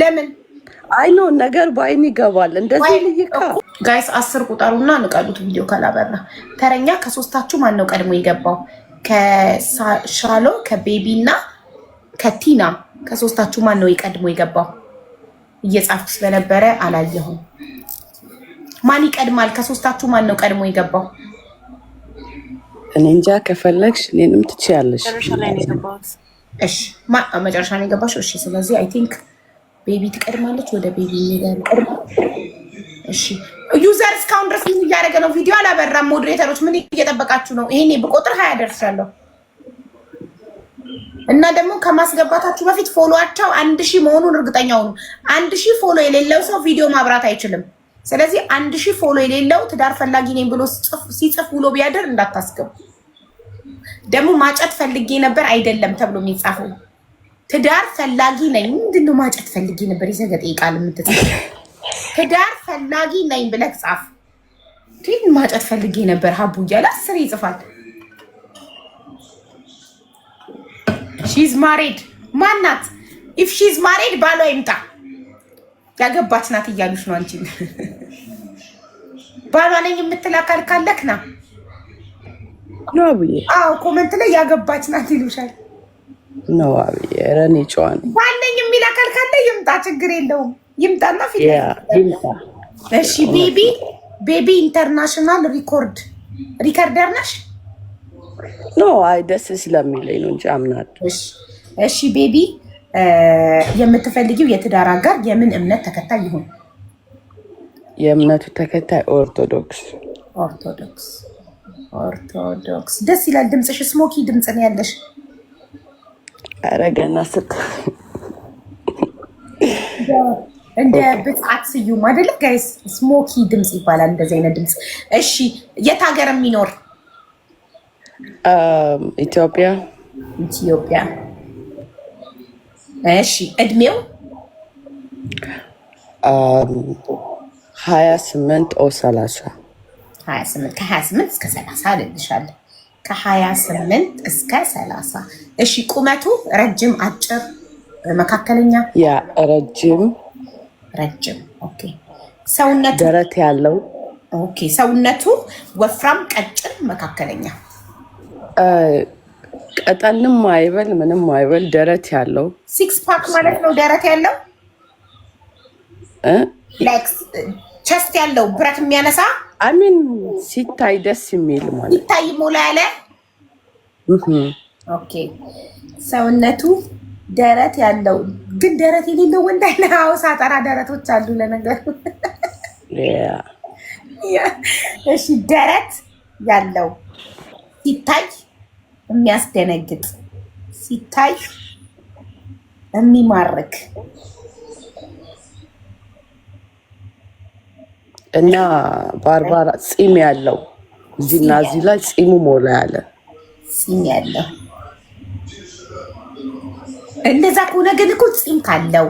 ለምን አይ ነገር በአይን ይገባል። እንደዚህ ልይካ ጋይስ አስር ቁጠሩና ንቀሉት። ቪዲዮ ካላበራ ተረኛ ከሶስታችሁ ማን ነው ቀድሞ የገባው? ከሻሎ ከቤቢ እና ከቲና ከሶስታችሁ ማን ነው ቀድሞ የገባው? እየጻፍኩ ስለነበረ አላየሁም። ማን ይቀድማል? ከሶስታችሁ ማን ነው ቀድሞ የገባው? እኔ እንጃ። ከፈለግሽ እኔንም ትችያለሽ። እሺ መጨረሻ ነው የገባሽው። እሺ ስለዚህ አይ ቲንክ ቤቢ ትቀድማለች። ወደ ቤቢ እንሄዳለን። እሺ ዩዘር እስካሁን ድረስ ምን እያደረገ ነው? ቪዲዮ አላበራም። ሞዴሬተሮች ምን እየጠበቃችሁ ነው? ይሄኔ ብቆጥር ሀያ ደርሻለሁ። እና ደግሞ ከማስገባታችሁ በፊት ፎሎዋቸው አንድ ሺህ መሆኑን እርግጠኛ ሁኑ። አንድ ሺህ ፎሎ የሌለው ሰው ቪዲዮ ማብራት አይችልም። ስለዚህ አንድ ሺህ ፎሎ የሌለው ትዳር ፈላጊ ነኝ ብሎ ሲጽፍ ውሎ ቢያደር እንዳታስገቡ። ደግሞ ማጨት ፈልጌ ነበር አይደለም ተብሎ የሚጻፈው ትዳር ፈላጊ ነኝ። ምንድነው ማጨት ፈልጌ ነበር? የዘገጠ ቃል የምትጽፍ ትዳር ፈላጊ ነኝ ብለህ ጻፍ። ግን ማጨት ፈልጌ ነበር ሀቡ እያለ አስር ይጽፋል። ሺዝ ማሬድ ማናት? ኢፍ ሺዝ ማሬድ ባሏ ይምጣ። ያገባች ናት እያሉሽ ነው አንቺ ባሏ ነኝ የምትል አካል ካለክ ነው አዎ ላይ ያገባች ናት ይሉሻል። ኧረ እኔ ጨዋ ነኝ። የሚል አካል ካለ ይምጣ፣ ችግር የለውም። ይምጣና ፊት ይምጣ። እሺ ቤቢ ቤቢ ኢንተርናሽናል ሪኮርድ ሪከርደር ነሽ? ኖ አይ ደስ ስለሚለኝ ነው እንጂ አምናለሁ። እሺ ቤቢ የምትፈልጊው የትዳር አጋር የምን እምነት ተከታይ ይሁን? የእምነቱ ተከታይ ኦርቶዶክስ ኦርቶዶክስ ኦርቶዶክስ ደስ ይላል። ድምፅሽ ስሞኪ ድምፅ ነው ያለሽ። አረገና ስት እንደ ብቃት ስዩም አይደለ ጋይስ? ስሞኪ ድምፅ ይባላል እንደዚህ አይነት ድምፅ። እሺ የት ሀገር የሚኖር ኢትዮጵያ? ኢትዮጵያ። እሺ እድሜው ሀያ ስምንት ኦ ሰላሳ ከ28 እስከ 30 ልልሻለሁ። ከ28 እስከ 30 እሺ። ቁመቱ ረጅም፣ አጭር፣ መካከለኛ? ያ ረጅም ረጅም። ኦኬ። ሰውነቱ ደረት ያለው ኦኬ። ሰውነቱ ወፍራም፣ ቀጭን፣ መካከለኛ? ቀጠንም አይበል ምንም አይበል ደረት ያለው ሲክስ ፓክ ማለት ነው። ደረት ያለው ቸስት ያለው ብረት የሚያነሳ አሚን ሲታይ ደስ የሚል ማለት ሲታይ ሞላ ያለ ኦኬ ሰውነቱ ደረት ያለው ግን ደረት የሌለው ወንድ አይነ ሀውሳ ጠራ ደረቶች አሉ። ለነገሩ እሺ፣ ደረት ያለው ሲታይ የሚያስደነግጥ ሲታይ የሚማርክ እና ባርባራ ፂም ያለው እዚህና እዚህ ላይ ፂሙ ሞላ ያለ ፂም ያለው እንደዛ ከሆነ ግን እኮ ፂም ካለው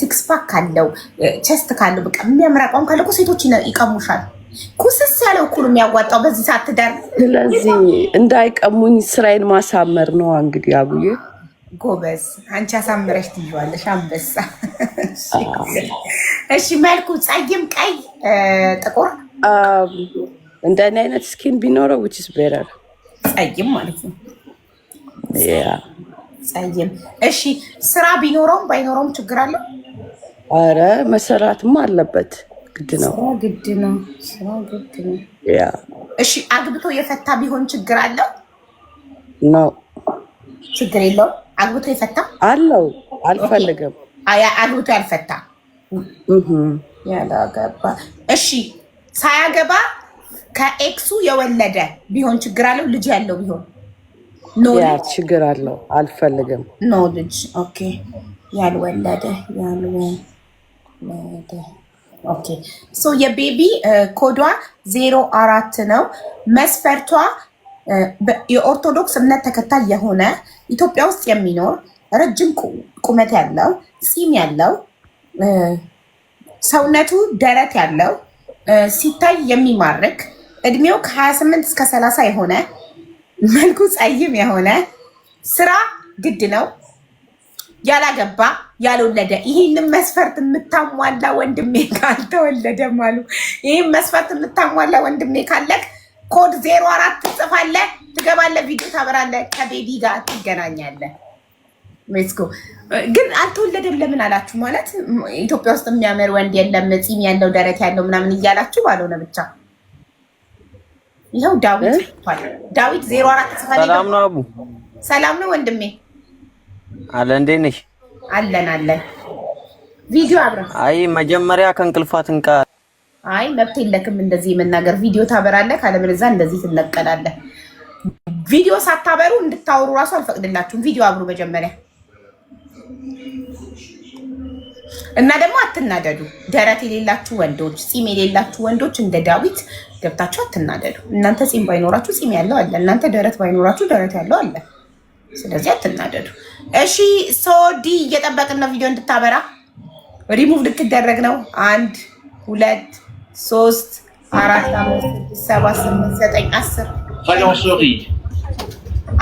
ሲክስ ፓክ ካለው ቸስት ካለው በቃ የሚያምር አቋም ካለ ሴቶች ይቀሙሻል። ኩስስ ያለው እኩል የሚያዋጣው በዚህ ሰዓት ትዳር። ስለዚህ እንዳይቀሙኝ ስራዬን ማሳመር ነው እንግዲህ አብዬ ጎበዝ አንቺ አሳምረሽ ትይዋለሽ። አንበሳ እሺ። መልኩ ፀይም፣ ቀይ፣ ጥቁር እንደኔ አይነት ስኪን ቢኖረው ዊች ኢዝ ቤተር ፀይም ማለት ነው። ፀይም። እሺ፣ ስራ ቢኖረውም ባይኖረውም ችግር አለው? አረ መሰራትማ አለበት። ግድ ነው፣ ግድ ነው፣ ስራ ግድ ነው። እሺ፣ አግብቶ የፈታ ቢሆን ችግር አለው? ነው ችግር የለውም። አግብቶ የፈታ አለው አልፈልግም። አግብቶ ያልፈታ ያላገባ። እሺ ሳያገባ ከኤክሱ የወለደ ቢሆን ችግር አለው? ልጅ ያለው ቢሆን ያ ችግር አለው። አልፈልግም። ኖ ልጅ ኦኬ። ያልወለደ ያልወለደ ኦኬ። ሶ የቤቢ ኮዷ ዜሮ አራት ነው መስፈርቷ የኦርቶዶክስ እምነት ተከታይ የሆነ ኢትዮጵያ ውስጥ የሚኖር ረጅም ቁመት ያለው ፂም ያለው ሰውነቱ ደረት ያለው ሲታይ የሚማርክ እድሜው ከ28 እስከ 30 የሆነ መልኩ ጸይም የሆነ ስራ ግድ ነው ያላገባ ያልወለደ ይህንም መስፈርት የምታሟላ ወንድሜ ካልተወለደም አሉ። ይህም መስፈርት የምታሟላ ወንድሜ ካለክ ኮድ ዜሮ አራት ትጽፋለህ፣ ትገባለህ፣ ቪዲዮ ታበራለህ፣ ከቤቢ ጋር ትገናኛለህ። ሜስኮ ግን አልተወለደም ለምን አላችሁ? ማለት ኢትዮጵያ ውስጥ የሚያምር ወንድ የለም ጺም ያለው ደረት ያለው ምናምን እያላችሁ ባልሆነ ብቻ ይኸው ዳዊት ዳዊት ዜሮ አራት ትጽፋለህ። ሰላም ነው አቡ፣ ሰላም ነው ወንድሜ፣ አለ እንዴ ነሽ? አለን አለን። ቪዲዮ አብረን አይ መጀመሪያ ከእንቅልፋት እንቃ አይ መብት የለክም እንደዚህ የመናገር ቪዲዮ ታበራለህ፣ ካለበለዛ እንደዚህ ትነቀላለህ። ቪዲዮ ሳታበሩ እንድታወሩ እራሱ አልፈቅድላችሁም። ቪዲዮ አብሩ መጀመሪያ እና ደግሞ አትናደዱ። ደረት የሌላችሁ ወንዶች፣ ፂም የሌላችሁ ወንዶች እንደ ዳዊት ገብታችሁ አትናደዱ። እናንተ ፂም ባይኖራችሁ ፂም ያለው አለ። እናንተ ደረት ባይኖራችሁ ደረት ያለው አለ። ስለዚህ አትናደዱ። እሺ ሶዲ እየጠበቅን ነው ቪዲዮ እንድታበራ። ሪሙቭ ልትደረግ ነው። አንድ ሁለት ሶስት አራት አምስት ስድስት ስምንት ዘጠኝ አስር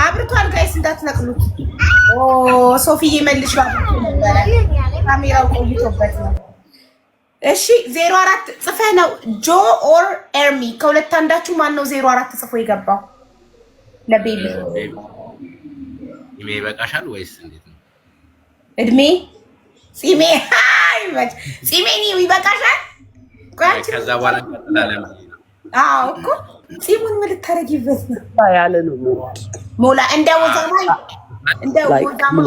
አብርቷል። ጋይስ እንዳትነቅሉት። ሶፊዬ መልሽ ካሜራው ቆይቶበት ነው። እሺ ዜሮ አራት ነው ጆ ኦር ኤርሚ ከሁለት አንዳችሁ ማን ነው ዜሮ አራት ጽፎ የገባው? ለቤቢ እድሜ ይበቃሻል ወይስ እንዴት ነው? እድሜ ይበቃሻል ከዛ በኋላ እንቀጥላለን። አዎ እኮ ፂሙን ምን ልታረጊበት ነው ያለ ነው። ሞላ እንደ ወዛማ እንደ ወዛማ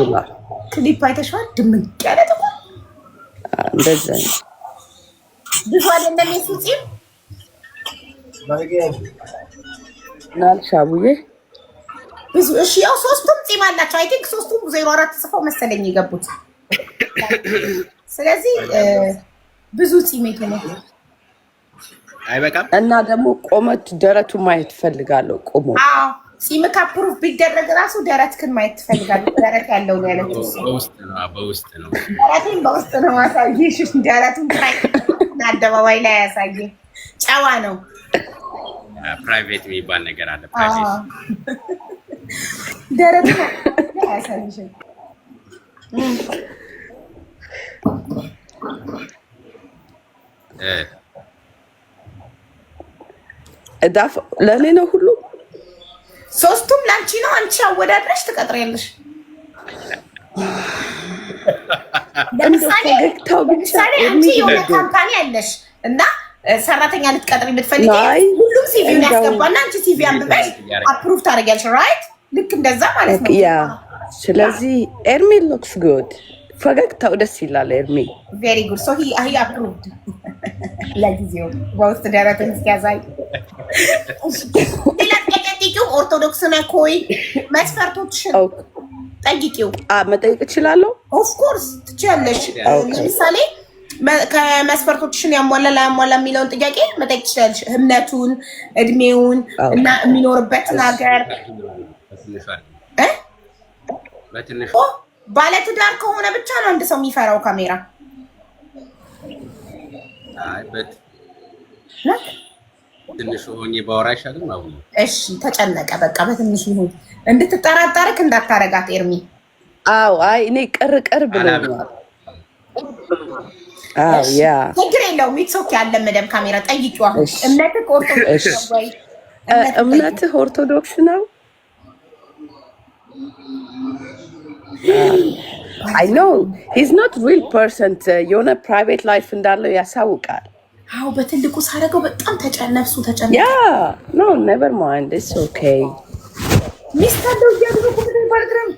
ክሊፕ አይተሽዋል? ድምቅ ያለ ጥቁ እንደዛ ነው ብዙ አይደለም የሱ ፂም ናልሻ ብዙ እሺ፣ ያው ሶስቱም ፂም አላቸው። አይ ቲንክ ሶስቱም ዜሮ አራት ጽፈው መሰለኝ የገቡት። ስለዚህ ብዙ ፂም የቱ አይበቃም። እና ደግሞ ቆመት ደረቱ ማየት ፈልጋለሁ። ቆሞ ሲምካ ፕሩፍ ቢደረግ ራሱ ደረትክን ማየት ትፈልጋለህ። ደረት ያለው ደረት በውስጥ ነው። ደረቱን በውስጥ ነው ማሳየሽ። ደረቱን አደባባይ ላይ ያሳየ ጨዋ ነው። ፕራይቬት የሚባል ነገር አለ። ደረት ያሳይሽም እ እዳፍ ለእኔ ነው ሁሉ ሶስቱም ለአንቺ ነው። አንቺ አወዳድረሽ ትቀጥሪያለሽ። ለምሳሌ ለምሳሌ አንቺ የሆነ ካምፓኒ አለሽ እና ሰራተኛ ልትቀጥሪ የምትፈልጊ ሁሉም ሲቪውን ያስገባና አንቺ ሲቪ አንብበሽ አፕሩቭ ታደርጊያለሽ። ራይት ልክ እንደዛ ማለት ነው። ያ ስለዚህ ኤርሚ ሎክስ ጉድ ፈገግታው ደስ ይላል። ኤርሚ ቬሪ ጉድ ሶ ሂ አፕሩቭድ ለጊዜው በውስጥ ደረቱን እስኪያሳይ ሌላ ጠቂው ኦርቶዶክስ ነህ ወይ መስፈርቶችሽን ጠይቂው። መጠየቅ እችላለሁ። ኦፍኮርስ ትችያለሽ። ለምሳሌ ከመስፈርቶችሽን ያሟላ ላያሟላ የሚለውን ጥያቄ መጠየቅ ትችላለሽ። እምነቱን፣ እድሜውን እና የሚኖርበትን ሀገር ባለትዳር ከሆነ ብቻ ነው አንድ ሰው የሚፈራው ካሜራ ትንሽ ሆኜ ባወራ አይሻልም? አሁን እሺ፣ ተጨነቀ። በቃ በትንሽ ይሁን እንድትጠራጠርክ እንዳታረጋት ኤርሚ። አዎ፣ አይ እኔ ቅር ቅር ያ ችግር የለውም። ካሜራ ጠይቂው። አሁን እምነትህ ኦርቶዶክስ ነው ወይ? እምነትህ ኦርቶዶክስ ነው? አይ ኖ ሂዝ ኖት ሪል ፐርሰንት የሆነ ፕራይቬት ላይፍ እንዳለው ያሳውቃል። አዎ በትልቁ ሳደርገው በጣም ተጨነፍሱ ተጨነ ያ ኖ ኔቨር ማይንድ ኢትስ ኦኬ ሚስታለው እያደረጉ ምድር ባለግረም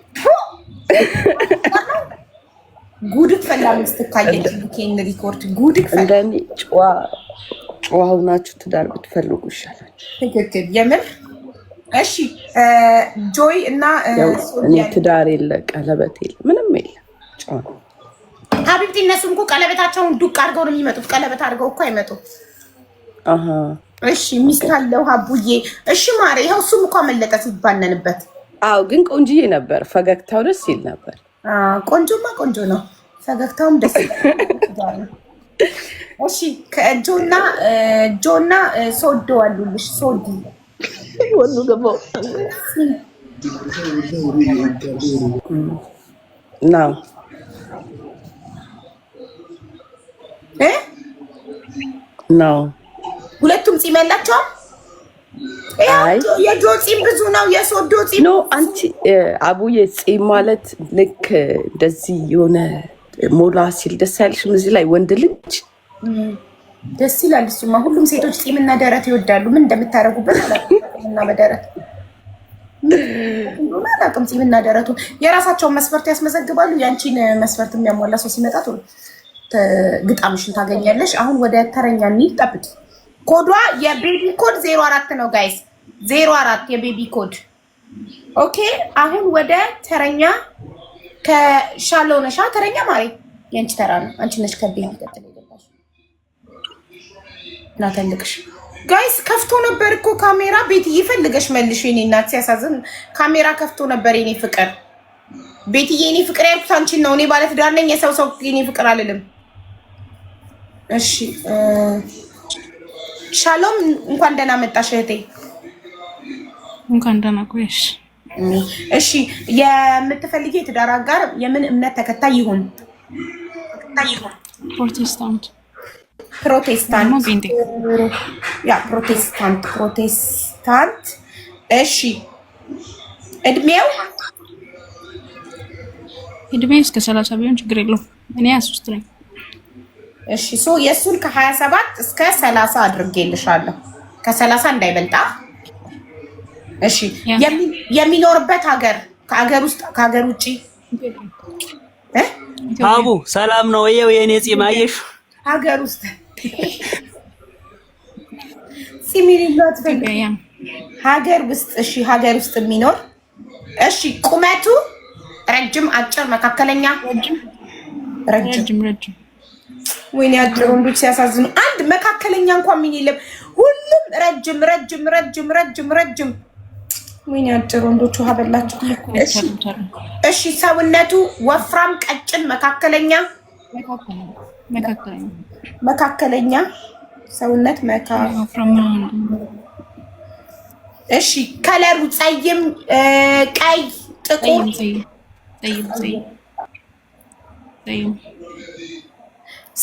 ጉድክ ፈላ ኬን ሪኮርድ ፈላ እንደኔ ጨዋ ጨዋ ሁናችሁ ትዳር ብትፈልጉ ይሻላችሁ። ትክክል የምር እሺ ጆይ እና እኔ ትዳር የለ ቀለበት የለ ምንም የለ ጨዋ ሀቢብቲ እነሱ እንኳ ቀለበታቸውን ዱቅ አድርገው ነው የሚመጡት። ቀለበት አድርገው እኮ አይመጡም። እሺ ሚስት አለው ሀቡዬ። እሺ ማሬ፣ ይኸው እሱም እኮ አመለጠ ሲባነንበት። አዎ፣ ግን ቆንጅዬ ነበር። ፈገግታው ደስ ይል ነበር። ቆንጆማ ቆንጆ ነው፣ ፈገግታውም ደስ ይል። እሺ ከጆና ጆና ሶዶ አሉልሽ። ሶዲ ወንዱ ገባው ነው ነው። ሁለቱም ፂም ያላቸዋል። የጆ ፂም ብዙ ነው፣ የሶዶ ፂም ነው። አንቺ አቡዬ ፂም ማለት ልክ እንደዚህ የሆነ ሞላ ሲል ደስ ያለሽም እዚህ ላይ ወንድ ልጅ ደስ ይላል። እሱማ ሁሉም ሴቶች ፂምና ደረት ይወዳሉ። ምን እንደምታደርጉበት እና በደረት አላውቅም። ፂምና ደረቱ የራሳቸውን መስፈርት ያስመዘግባሉ። ያንቺን መስፈርት የሚያሟላ ሰው ሲመጣ ግጣምሽን ታገኛለሽ። አሁን ወደ ተረኛ እንሂድ። ጠብቂ። ኮዷ የቤቢ ኮድ ዜሮ አራት ነው ጋይስ፣ ዜሮ አራት የቤቢ ኮድ ኦኬ። አሁን ወደ ተረኛ ከሻለው ነሻ ተረኛ ማሪ፣ የአንቺ ተራ ነው። አንቺ ነሽ ከቤ ሚቀጥል የገባሽ እናተልቅሽ ጋይስ ከፍቶ ነበር እኮ ካሜራ። ቤት ፈልገሽ መልሽ። የኔ እናት ሲያሳዝን ካሜራ ከፍቶ ነበር። የኔ ፍቅር ቤትዬ፣ የኔ ፍቅር ያልኩት አንቺን ነው። እኔ ባለትዳር ነኝ። የሰው ሰው የኔ ፍቅር አልልም። እሺ ሻሎም፣ እንኳን ደህና መጣሽ እህቴ። እንኳን ደህና ቆየሽ። እሺ የምትፈልጊ የትዳር አጋር የምን እምነት ተከታይ ይሁን? ፕሮቴስታንት ፕሮቴስታንት ያ ፕሮቴስታንት ፕሮቴስታንት። እሺ እድሜው እድሜ እስከ ሰላሳ ቢሆን ችግር የለውም። እኔ ሀያ ሶስት ነኝ። እሺ ሶ የእሱን ከ27 እስከ 30 አድርጌልሻለሁ። ከ30 እንዳይበልጣ። እሺ የሚኖርበት ሀገር ከሀገር ውስጥ ከሀገር ውጭ አቡ ሰላም ነው። ወየው? የኔ ፂም አየሽ። ሀገር ውስጥ ፂም ይሏት ሀገር ውስጥ እሺ፣ ሀገር ውስጥ የሚኖር እሺ። ቁመቱ ረጅም፣ አጭር፣ መካከለኛ? ረጅም ረጅም ወይኔ ያድረ ወንዶች ሲያሳዝኑ፣ አንድ መካከለኛ እንኳን ምን የለም። ሁሉም ረጅም ረጅም ረጅም ረጅም ረጅም። ወይኔ ያድረ ወንዶች ውሃ በላቸው። እሺ፣ ሰውነቱ ወፍራም፣ ቀጭን፣ መካከለኛ መካከለኛ ሰውነት እሺ፣ ከለሩ ፀይም፣ ቀይ፣ ጥቁር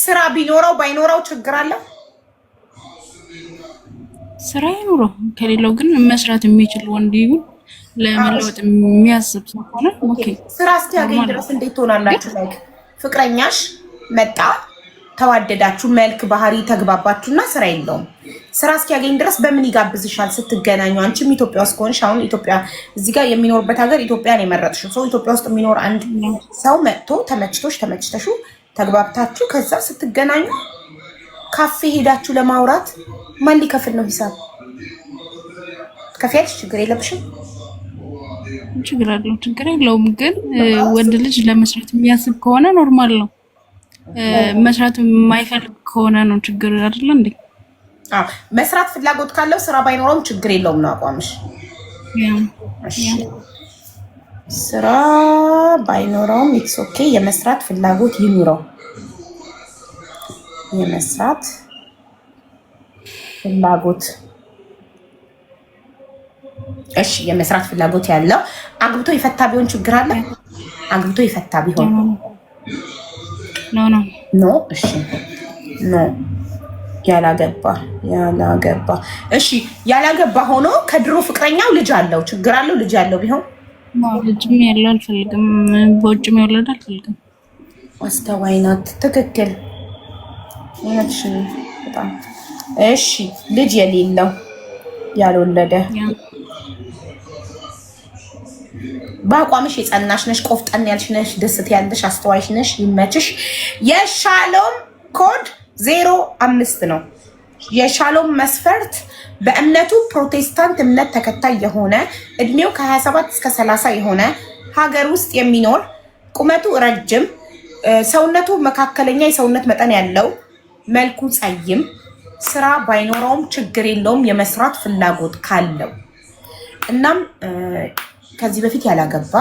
ስራ ቢኖረው ባይኖረው ችግር አለ? ስራ ይኖረው ከሌለው ግን መስራት የሚችል ወንድ ይሁን ለመለወጥ የሚያስብ ሰው ሆነ ስራ እስኪያገኝ ድረስ እንዴት ትሆናላችሁ? ፍቅረኛሽ መጣ፣ ተዋደዳችሁ፣ መልክ፣ ባህሪ ተግባባችሁና ስራ የለውም። ስራ እስኪያገኝ ድረስ በምን ይጋብዝሻል ስትገናኙ? አንቺም ኢትዮጵያ ውስጥ ከሆንሽ አሁን ኢትዮጵያ እዚህ ጋር የሚኖርበት ሀገር ኢትዮጵያን የመረጥሽው ሰው ኢትዮጵያ ውስጥ የሚኖር አንድ ሰው መጥቶ ተመችቶሽ ተመችተሹ ተግባብታችሁ ከዛ ስትገናኙ ካፌ ሄዳችሁ ለማውራት ማን ሊከፍል ነው ሂሳብ? ከፊያች ችግር የለብሽም። ችግር አለው ችግር የለውም። ግን ወንድ ልጅ ለመስራት የሚያስብ ከሆነ ኖርማል ነው። መስራት የማይፈልግ ከሆነ ነው ችግር አይደለ እንዴ? መስራት ፍላጎት ካለው ስራ ባይኖረውም ችግር የለውም ነው አቋምሽ። ስራ ባይኖረውም ኢትስ ኦኬ። የመስራት ፍላጎት ይኑረው። የመስራት ፍላጎት እሺ፣ የመስራት ፍላጎት ያለው አግብቶ ይፈታ ቢሆን ችግር አለ? አግብቶ ይፈታ ቢሆን ኖ ኖ ኖ። እሺ፣ ኖ ያላገባ ያላገባ። እሺ፣ ያላገባ ሆኖ ከድሮ ፍቅረኛው ልጅ አለው ችግር አለው? ልጅ ያለው ቢሆን ልጅም ያለው አልፈልግም፣ በውጭም የወለደ አልፈልግም። አስተዋይ ናት። ትክክል። በጣም እሺ። ልጅ የሌለው ያልወለደ በአቋምሽ የጸናሽ ነሽ፣ ቆፍጠን ያልሽ ነሽ፣ ደስት ያለሽ አስተዋይሽ ነሽ። ይመችሽ። የሻሎም ኮድ ዜሮ አምስት ነው። የሻሎም መስፈርት በእምነቱ ፕሮቴስታንት እምነት ተከታይ የሆነ እድሜው ከ27 እስከ 30 የሆነ ሀገር ውስጥ የሚኖር ቁመቱ ረጅም፣ ሰውነቱ መካከለኛ የሰውነት መጠን ያለው፣ መልኩ ጸይም፣ ስራ ባይኖረውም ችግር የለውም የመስራት ፍላጎት ካለው እናም ከዚህ በፊት ያላገባ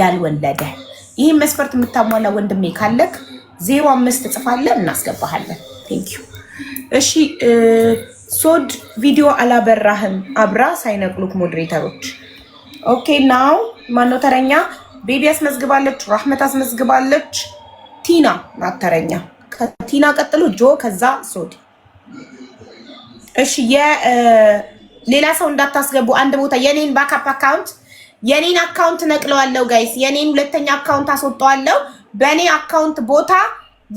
ያልወለደ ይህን መስፈርት የምታሟላ ወንድሜ ካለክ ዜሮ አምስት ጽፋለ እናስገባሃለን። እሺ ሶድ ቪዲዮ አላበራህም አብራ ሳይነቅሉክ ሞዴሬተሮች። ኦኬ ናው ማነው ተረኛ? ቤቢ አስመዝግባለች፣ ራህመት አስመዝግባለች፣ ቲና ናት ተረኛ። ከቲና ቀጥሎ ጆ፣ ከዛ ሶድ። እሺ ሌላ ሰው እንዳታስገቡ አንድ ቦታ የኔን ባካፕ አካውንት የኔን አካውንት ነቅለዋለው ጋይስ፣ የኔን ሁለተኛ አካውንት አስወጣዋለው። በእኔ አካውንት ቦታ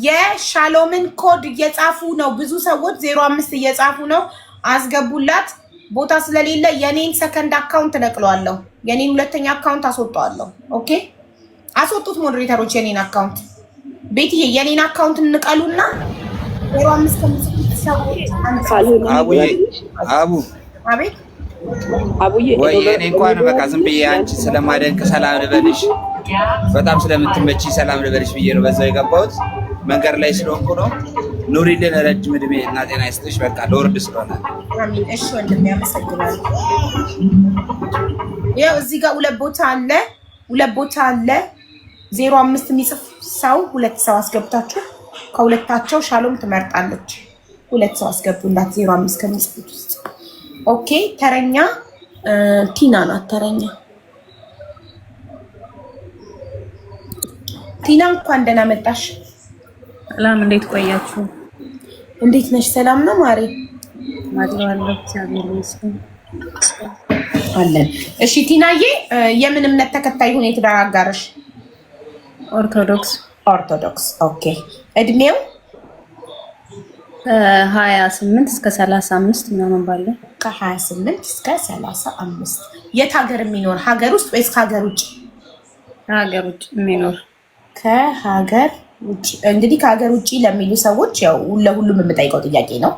የሻሎምን ኮድ እየጻፉ ነው። ብዙ ሰዎች ዜሮ አምስት እየጻፉ ነው። አስገቡላት። ቦታ ስለሌለ የኔን ሰከንድ አካውንት ነቅለዋለሁ። የኔን ሁለተኛ አካውንት አስወጣዋለሁ። ኦኬ አስወጡት፣ ሞዴሬተሮች የኔን አካውንት ቤትዬ፣ የኔን አካውንት እንቀሉና ዜሮ አምስት አቡ አቤት አቡዬ፣ ወይ እኔ እንኳን በቃ ዝም ብዬ አንቺ ስለማደንቅ ሰላም ልበልሽ በጣም ስለምትመቺ ሰላም ልበልሽ ብዬ ነው በዛው የገባሁት። መንገድ ላይ ስለሆንኩ ነው። ኑሪልን፣ ረጅም እድሜ እና ጤና ይስጥሽ። በቃ ለወርድ ስለሆነ ያው እዚህ ጋር ሁለት ቦታ አለ፣ ሁለት ቦታ አለ። ዜሮ አምስት የሚጽፍ ሰው ሁለት ሰው አስገብታችሁ ከሁለታቸው ሻሎም ትመርጣለች። ሁለት ሰው እንዳት ዜሮ አምስት ከሚጽፉት ውስጥ ኦኬ። ተረኛ ቲና ናት ተረኛ ቲና እንኳን ደህና መጣሽ። ሰላም፣ እንዴት ቆያችሁ? እንዴት ነሽ? ሰላም ነው ማሬ? አለን። እሺ ቲናዬ፣ የምን እምነት ተከታይ ሆነ አጋርሽ? ኦርቶዶክስ። ኦርቶዶክስ። ኦኬ። እድሜው ከሀያ ስምንት እስከ ሰላሳ አምስት ምናምን ባለው። ከሀያ ስምንት እስከ ሰላሳ አምስት የት ሀገር የሚኖር ሀገር ውስጥ ወይስ ከሀገር ውጭ? ከሀገር ውጭ የሚኖር ከሀገር ውጭ እንግዲህ ከሀገር ውጭ ለሚሉ ሰዎች ያው ለሁሉም የምጠይቀው ጥያቄ ነው።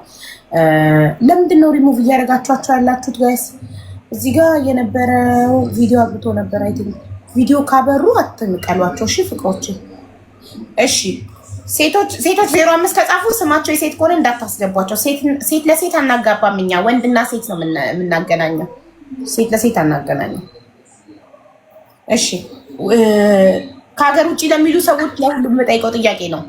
ለምንድን ነው ሪሙቭ እያደረጋችኋቸው ያላችሁት ጋይስ? እዚህ ጋር የነበረው ቪዲዮ አግብቶ ነበር። አይ ቪዲዮ ካበሩ አትንቀሏቸው። እሺ ፍቅሮችን። እሺ ሴቶች ሴቶች ዜሮ አምስት ከጻፉ ስማቸው የሴት ከሆነ እንዳታስገቧቸው። ሴት ለሴት አናጋባም እኛ ወንድና ሴት ነው የምናገናኘው። ሴት ለሴት አናገናኘው። እሺ ከሀገር ውጭ ለሚሉ ሰዎች ለሁሉም የምጠይቀው ጥያቄ ነው።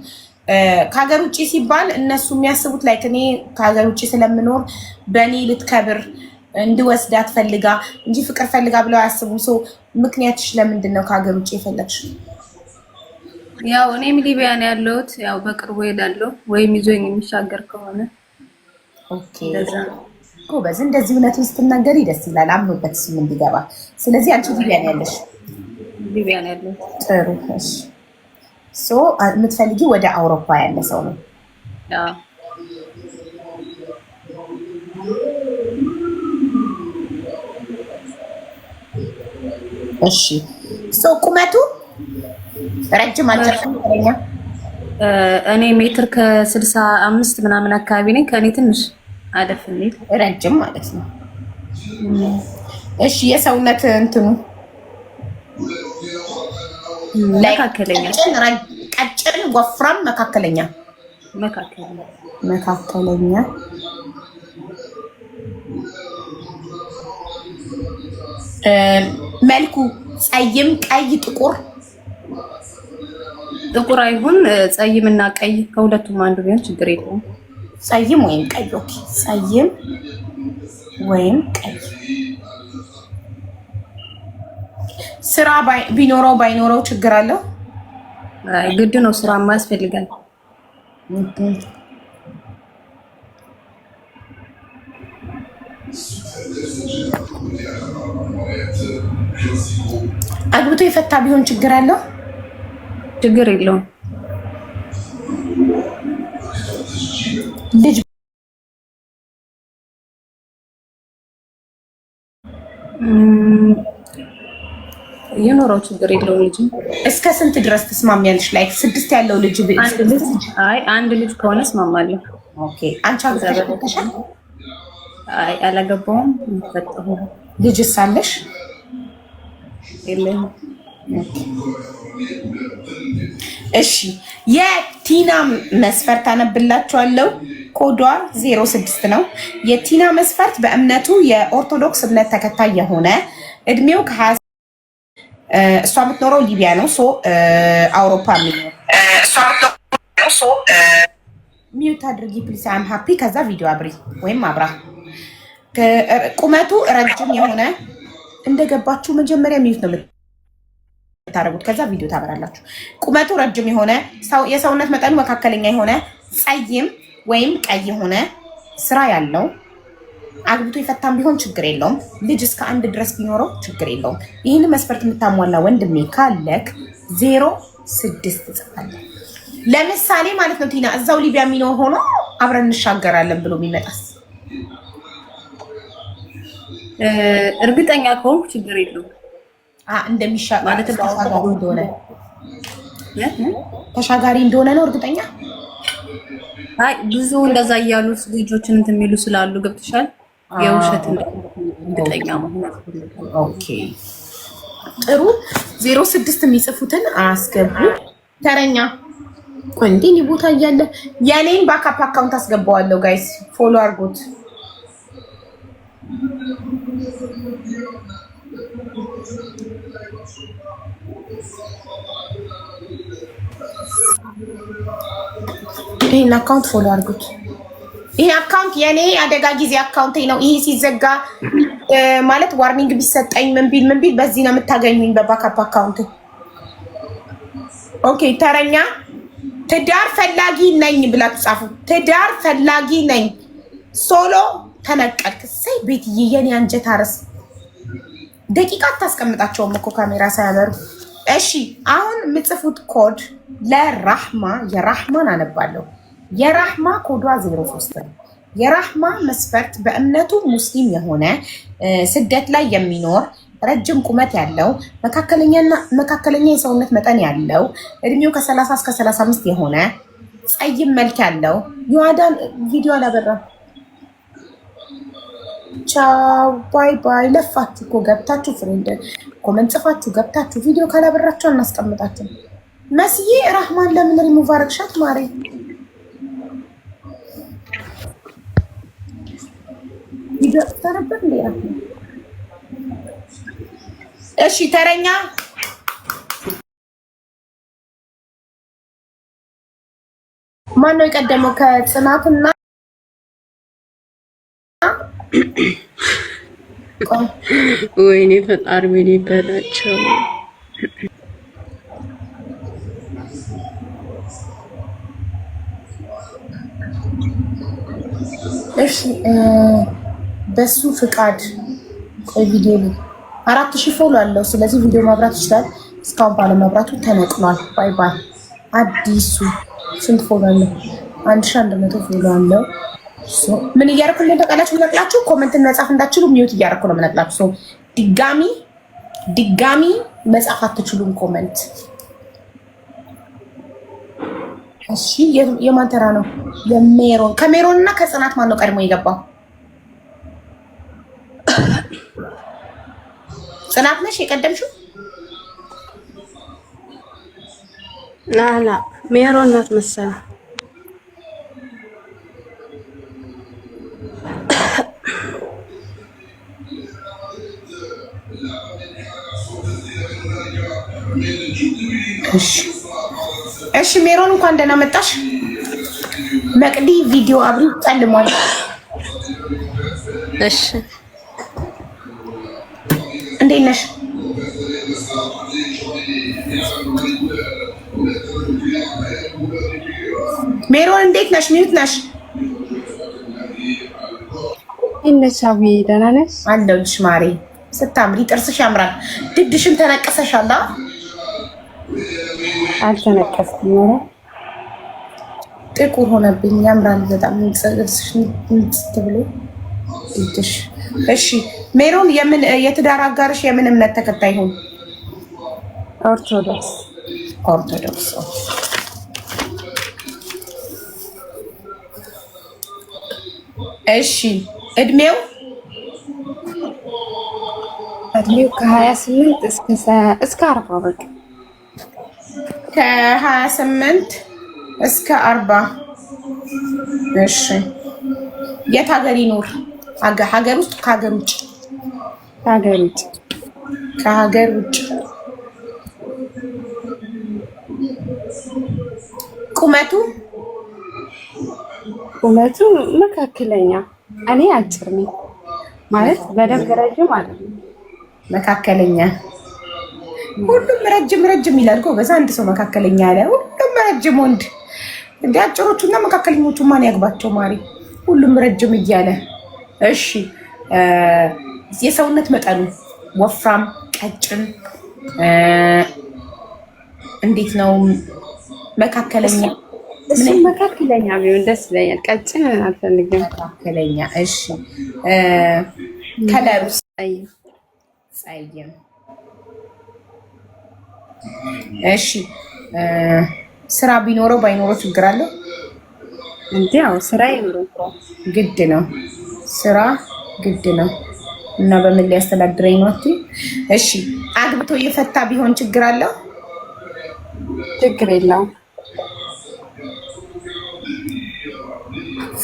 ከሀገር ውጭ ሲባል እነሱ የሚያስቡት ላይ እኔ ከሀገር ውጭ ስለምኖር በእኔ ልትከብር እንድወስዳት ፈልጋ እንጂ ፍቅር ፈልጋ ብለው አያስቡም። ሰው ምክንያትሽ ለምንድን ነው ከሀገር ውጭ የፈለግሽ? ያው እኔም ሊቢያን ነው ያለሁት። ያው በቅርቡ ሄዳለሁ ወይም ይዞኝ የሚሻገር ከሆነ ጎበዝ። እንደዚህ እውነቱን ስትናገሪ ደስ ይላል፣ አምኖበት ስም እንዲገባ። ስለዚህ አንቺ ሊቢያን ያለሽ ሊቢያን ጥሩ። የምትፈልጊ ወደ አውሮፓ ያለ ሰው ነው። እሺ ቁመቱ ረጅም አጭር እኔ ሜትር ከስልሳ አምስት ምናምን አካባቢ ነኝ። ከእኔ ትንሽ አደፍኔ ረጅም ማለት ነው። እሺ የሰውነት እንትኑ መካከለኛ፣ ቀጭን፣ ወፍራም፣ መካከለኛ መካከለኛ መልኩ ፀይም፣ ቀይ፣ ጥቁር ጥቁር አይሁን። ፀይም እና ቀይ ከሁለቱም አንዱ ቢሆን ችግር የለውም። ፀይም ወይም ቀይ። ኦኬ፣ ፀይም ወይም ቀይ ስራ ቢኖረው ባይኖረው ችግር አለው? ግድ ነው። ስራ ያስፈልጋል። አግብቶ የፈታ ቢሆን ችግር አለው? ችግር የለውም። ልጅ የኖረው ችግር የለው ልጅ እስከ ስንት ድረስ ትስማሚያለሽ? ላይ ስድስት ያለው ልጅ አይ አንድ ልጅ ከሆነ እስማማለሁ። ኦኬ አንቺ አግብተሻል? አይ አላገባሁም። ፈጠሁ ልጅ ሳለሽ የለም። እሺ የቲና መስፈርት አነብላችኋለሁ። ኮዷ 06 ነው። የቲና መስፈርት በእምነቱ የኦርቶዶክስ እምነት ተከታይ የሆነ እድሜው ከ እሷ የምትኖረው ሊቢያ ነው። ሶ አውሮፓ የሚኖር ሚዩት አድርጊ ፕሊስ። አም ሀፒ። ከዛ ቪዲዮ አብሪ ወይም አብራ። ቁመቱ ረጅም የሆነ እንደገባችሁ መጀመሪያ ሚዩት ነው የምታደርጉት። ከዛ ቪዲዮ ታበራላችሁ። ቁመቱ ረጅም የሆነ የሰውነት መጠኑ መካከለኛ የሆነ ፀይም ወይም ቀይ የሆነ ስራ ያለው አግብቶ የፈታም ቢሆን ችግር የለውም። ልጅ እስከ አንድ ድረስ ቢኖረው ችግር የለውም። ይህን መስፈርት የምታሟላ ወንድሜ ካለክ ዜሮ ስድስት ጽፋለ ለምሳሌ ማለት ነው ቲና እዛው ሊቢያ የሚኖር ሆኖ አብረን እንሻገራለን ብሎ የሚመጣስ እርግጠኛ ከሆንኩ ችግር የለውም እንደሚሻማለት እንደሆነ ተሻጋሪ እንደሆነ ነው እርግጠኛ። አይ ብዙ እንደዛ እያሉት ልጆችን እንትን የሚሉ ስላሉ ገብተሻል። የውሸት እርግጠኛ መሆን ጥሩ። ዜሮ ስድስት የሚጽፉትን አስገቡ። ተረኛ እንዴ እኔ ቦታ እያለ የኔን ባካፕ አካውንት አስገባዋለሁ። ጋይስ ፎሎ አርጎት ይህን አካውንት ፎሎ አድርጎት ይሄ አካውንት የኔ አደጋ ጊዜ አካውንት ነው። ይሄ ሲዘጋ ማለት ዋርኒንግ ቢሰጠኝ ምን ቢል ምን ቢል በዚህ ነው የምታገኙኝ፣ በባካፕ አካውንት። ኦኬ ተረኛ ትዳር ፈላጊ ነኝ ብላችሁ ጻፉ። ትዳር ፈላጊ ነኝ። ሶሎ ተነቀልክ። ሰይ ቤትዬ የኔ አንጀት አረስ ደቂቃ አታስቀምጣቸውም እኮ ካሜራ ሳያበሩ። እሺ አሁን የምጽፉት ኮድ ለራህማ የራህማን አነባለሁ የራህማ ኮዷ 03 ነው። የራህማ መስፈርት በእምነቱ ሙስሊም የሆነ ስደት ላይ የሚኖር ረጅም ቁመት ያለው መካከለኛ የሰውነት መጠን ያለው እድሜው ከ30 እስከ 35 የሆነ ፀይም መልክ ያለው ዮአዳን ቪዲዮ አላበራም። ቻው ባይ ባይ። ለፋችሁ እኮ ገብታችሁ ፍሬንድ ኮመንት ጽፋችሁ ገብታችሁ ቪዲዮ ካላበራችሁ አናስቀምጣችሁ። መስዬ ራህማን ለምን ሪሙቭ አረግሻት ማሬ? ይገርታ እሺ ተረኛ ማን ነው የቀደመው? ከጽናትና ወይኔ ፈጣሪ ወይኔ በላቸው። እሺ በሱ ፍቃድ ቆይ ቪዲዮ ላይ አራት ሺህ ፎሎ አለው። ስለዚህ ቪዲዮ ማብራት ይችላል። እስካሁን ባለመብራቱ ተነቅሏል። ባይ ባይ። አዲሱ ስንት ፎሎ አለው? አንድ ሺህ አንድ መቶ ፎሎ አለው። ምን እያደረኩ እንደተቃላችሁ ምነቅላችሁ፣ ኮመንትን መጻፍ እንዳትችሉ ሚዩት እያደረኩ ነው ምነቅላችሁ። ድጋሚ ድጋሚ መጻፍ አትችሉም ኮመንት። እሺ የማን ተራ ነው? የሜሮን ከሜሮን እና ከጽናት ማን ነው ቀድሞ የገባው? ጽናት ነሽ የቀደምሽው? ላላ ሜሮን ናት መሰለ እሺ ሜሮን እንኳን ደህና መጣሽ። መቅዲ ቪዲዮ አብሪ ጨልሟል። እሺ እንዴት ነሽ? ሜሮን እንዴት ነሽ? ሚዩት ነሽ? እንደሻው ደህና ነሽ? አለሁልሽ ማሬ። ስታምሪ ጥርስሽ ያምራል። ድድሽን ተነቀሰሻል? አልተነቀስኩም። ኧረ ጥቁር ሆነብኝ። ያምራል በጣም ጥርስሽ ብሎ ድድሽ። እሺ ሜሮን የምን የትዳር አጋርሽ የምን እምነት ተከታይ ሆን? ኦርቶዶክስ ኦርቶዶክስ። እሺ እድሜው እድሜው ከ28 እስከ እስከ 40 በቃ ከ28 እስከ 40 እሺ የት ሀገር ይኖር? ሀገር ውስጥ ከሀገር ውጭ ከሀገር ውጭ ከሀገር ውጭ ቁመቱ ቁመቱ መካከለኛ እኔ አጭር ነኝ ማለት በደንብ ረጅም ማለት መካከለኛ ሁሉም ረጅም ረጅም ይላል እኮ በዛ አንድ ሰው መካከለኛ አለ ሁሉም ረጅም ወንድ እንደ አጭሮቹና መካከለኞቹ ማን ያግባቸው? ማሪ ሁሉም ረጅም እያለ እሺ የሰውነት መጠኑ ወፍራም፣ ቀጭን፣ እንዴት ነው? መካከለኛ እሱም መካከለኛ ቢሆን ደስ ይለኛል። ቀጭን አልፈልግም። መካከለኛ እሺ። ከለሩ ጸይም። እሺ። ስራ ቢኖረው ባይኖረው ችግር አለው? እንዲያው ስራ ይኖረው ግድ ነው። ስራ ግድ ነው። እና በምን ሊያስተዳድረኝ ነው እሺ አግብቶ እየፈታ ቢሆን ችግር አለው? ችግር የለውም።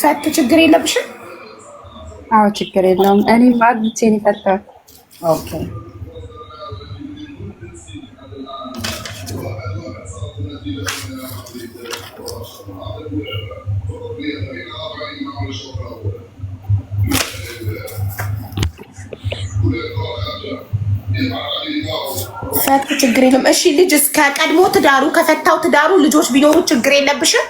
ፈት ችግር የለብሽም? አዎ ችግር የለውም። እኔም አግብቼ ነው የፈታሁት። ኦኬ ፈት ችግር የለም። እሺ ልጅ ከቀድሞ ትዳሩ ከፈታው ትዳሩ ልጆች ቢኖሩ ችግር የለብሽም?